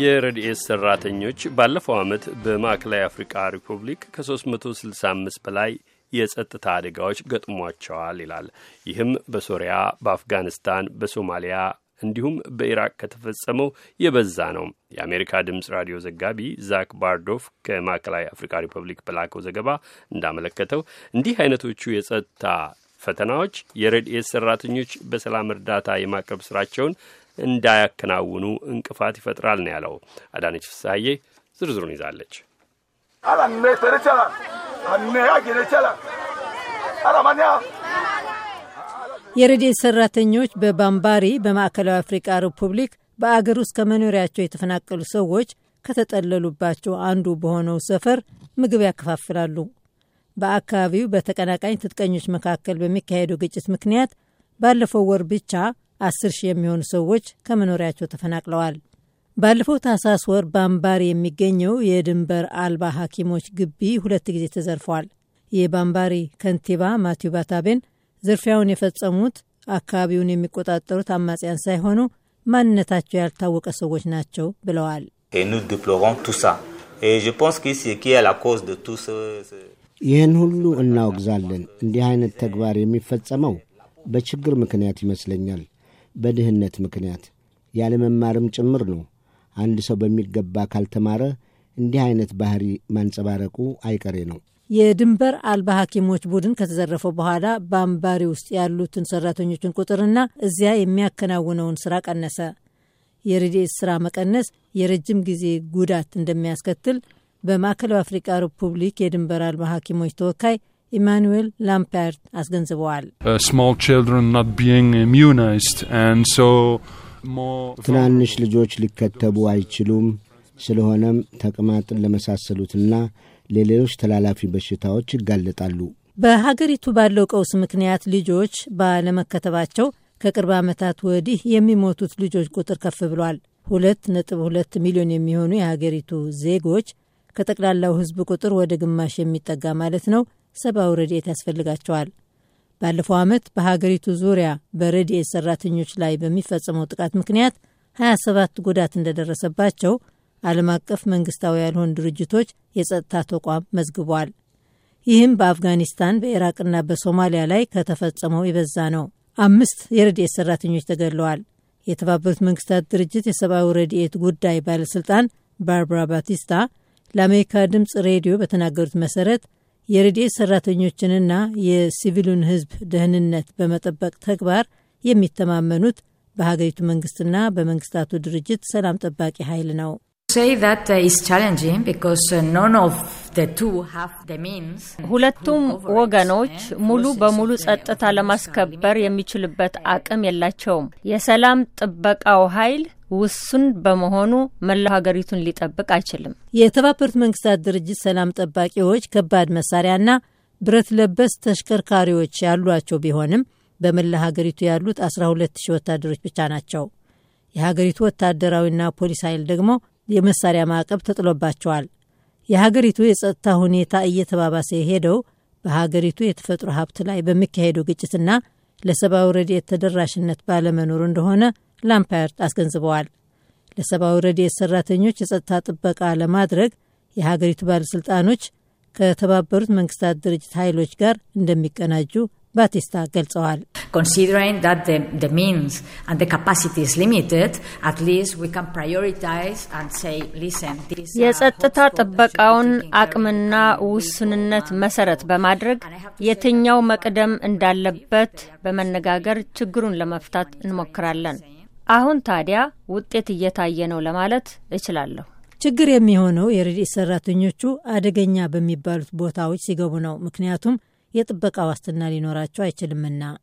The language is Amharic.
የረድኤት ሰራተኞች ባለፈው ዓመት በማዕከላዊ አፍሪካ ሪፑብሊክ ከ365 በላይ የጸጥታ አደጋዎች ገጥሟቸዋል ይላል። ይህም በሶሪያ፣ በአፍጋኒስታን፣ በሶማሊያ እንዲሁም በኢራቅ ከተፈጸመው የበዛ ነው። የአሜሪካ ድምፅ ራዲዮ ዘጋቢ ዛክ ባርዶፍ ከማዕከላዊ አፍሪካ ሪፐብሊክ በላከው ዘገባ እንዳመለከተው እንዲህ አይነቶቹ የጸጥታ ፈተናዎች የረድኤት ሰራተኞች በሰላም እርዳታ የማቅረብ ስራቸውን እንዳያከናውኑ እንቅፋት ይፈጥራል ነው ያለው። አዳነች ፍሳዬ ዝርዝሩን ይዛለች። የረድኤት ሰራተኞች በባምባሪ በማዕከላዊ አፍሪቃ ሪፑብሊክ በአገር ውስጥ ከመኖሪያቸው የተፈናቀሉ ሰዎች ከተጠለሉባቸው አንዱ በሆነው ሰፈር ምግብ ያከፋፍላሉ። በአካባቢው በተቀናቃኝ ትጥቀኞች መካከል በሚካሄደው ግጭት ምክንያት ባለፈው ወር ብቻ አስር ሺህ የሚሆኑ ሰዎች ከመኖሪያቸው ተፈናቅለዋል። ባለፈው ታህሳስ ወር ባምባሪ የሚገኘው የድንበር አልባ ሐኪሞች ግቢ ሁለት ጊዜ ተዘርፏል። የባምባሪ ከንቲባ ማቲው ባታቤን ዝርፊያውን የፈጸሙት አካባቢውን የሚቆጣጠሩት አማጽያን ሳይሆኑ ማንነታቸው ያልታወቀ ሰዎች ናቸው ብለዋል። ይህን ሁሉ እናወግዛለን። እንዲህ አይነት ተግባር የሚፈጸመው በችግር ምክንያት ይመስለኛል፣ በድህነት ምክንያት ያለመማርም ጭምር ነው። አንድ ሰው በሚገባ ካልተማረ እንዲህ አይነት ባህሪ ማንጸባረቁ አይቀሬ ነው። የድንበር አልባ ሐኪሞች ቡድን ከተዘረፈው በኋላ በአምባሪ ውስጥ ያሉትን ሰራተኞችን ቁጥርና እዚያ የሚያከናውነውን ስራ ቀነሰ። የረድኤት ስራ መቀነስ የረጅም ጊዜ ጉዳት እንደሚያስከትል በማዕከላዊ አፍሪካ ሪፑብሊክ የድንበር አልባ ሐኪሞች ተወካይ ኢማኑዌል ላምፓርት አስገንዝበዋል። uh, ትናንሽ ልጆች ሊከተቡ አይችሉም። ስለሆነም ተቅማጥን ለመሳሰሉትና ለሌሎች ተላላፊ በሽታዎች ይጋለጣሉ። በሀገሪቱ ባለው ቀውስ ምክንያት ልጆች ባለመከተባቸው ከቅርብ ዓመታት ወዲህ የሚሞቱት ልጆች ቁጥር ከፍ ብሏል። ሁለት ነጥብ ሁለት ሚሊዮን የሚሆኑ የሀገሪቱ ዜጎች ከጠቅላላው ሕዝብ ቁጥር ወደ ግማሽ የሚጠጋ ማለት ነው ሰብአዊ ረድኤት ያስፈልጋቸዋል። ባለፈው ዓመት በሀገሪቱ ዙሪያ በረድኤት ሰራተኞች ላይ በሚፈጸመው ጥቃት ምክንያት 27 ጉዳት እንደደረሰባቸው ዓለም አቀፍ መንግስታዊ ያልሆኑ ድርጅቶች የጸጥታ ተቋም መዝግቧል። ይህም በአፍጋኒስታን በኢራቅና በሶማሊያ ላይ ከተፈጸመው የበዛ ነው። አምስት የረድኤት ሰራተኞች ተገድለዋል። የተባበሩት መንግስታት ድርጅት የሰብአዊ ረድኤት ጉዳይ ባለሥልጣን ባርባራ ባቲስታ ለአሜሪካ ድምፅ ሬዲዮ በተናገሩት መሰረት የረድኤት ሰራተኞችንና የሲቪሉን ሕዝብ ደህንነት በመጠበቅ ተግባር የሚተማመኑት በሀገሪቱ መንግስትና በመንግስታቱ ድርጅት ሰላም ጠባቂ ኃይል ነው። uh, uh, ሁለቱም ወገኖች ሙሉ በሙሉ ጸጥታ ለማስከበር የሚችልበት አቅም የላቸውም። የሰላም ጥበቃው ኃይል ውሱን በመሆኑ መላው ሀገሪቱን ሊጠብቅ አይችልም። የተባበሩት መንግስታት ድርጅት ሰላም ጠባቂዎች ከባድ መሳሪያና ብረት ለበስ ተሽከርካሪዎች ያሏቸው ቢሆንም በመላ ሀገሪቱ ያሉት 120 ወታደሮች ብቻ ናቸው። የሀገሪቱ ወታደራዊና ፖሊስ ኃይል ደግሞ የመሳሪያ ማዕቀብ ተጥሎባቸዋል። የሀገሪቱ የጸጥታ ሁኔታ እየተባባሰ የሄደው በሀገሪቱ የተፈጥሮ ሀብት ላይ በሚካሄደው ግጭትና ለሰብአዊ ረድኤት ተደራሽነት ባለመኖሩ እንደሆነ ላምፓርድ አስገንዝበዋል። ለሰብአዊ ረድኤት ሰራተኞች የጸጥታ ጥበቃ ለማድረግ የሀገሪቱ ባለሥልጣኖች ከተባበሩት መንግስታት ድርጅት ኃይሎች ጋር እንደሚቀናጁ ባቲስታ ገልጸዋል። የጸጥታ ጥበቃውን አቅምና ውስንነት መሰረት በማድረግ የትኛው መቅደም እንዳለበት በመነጋገር ችግሩን ለመፍታት እንሞክራለን። አሁን ታዲያ ውጤት እየታየ ነው ለማለት እችላለሁ። ችግር የሚሆነው የረድኤት ሰራተኞቹ አደገኛ በሚባሉት ቦታዎች ሲገቡ ነው። ምክንያቱም የጥበቃ ዋስትና ሊኖራቸው አይችልምና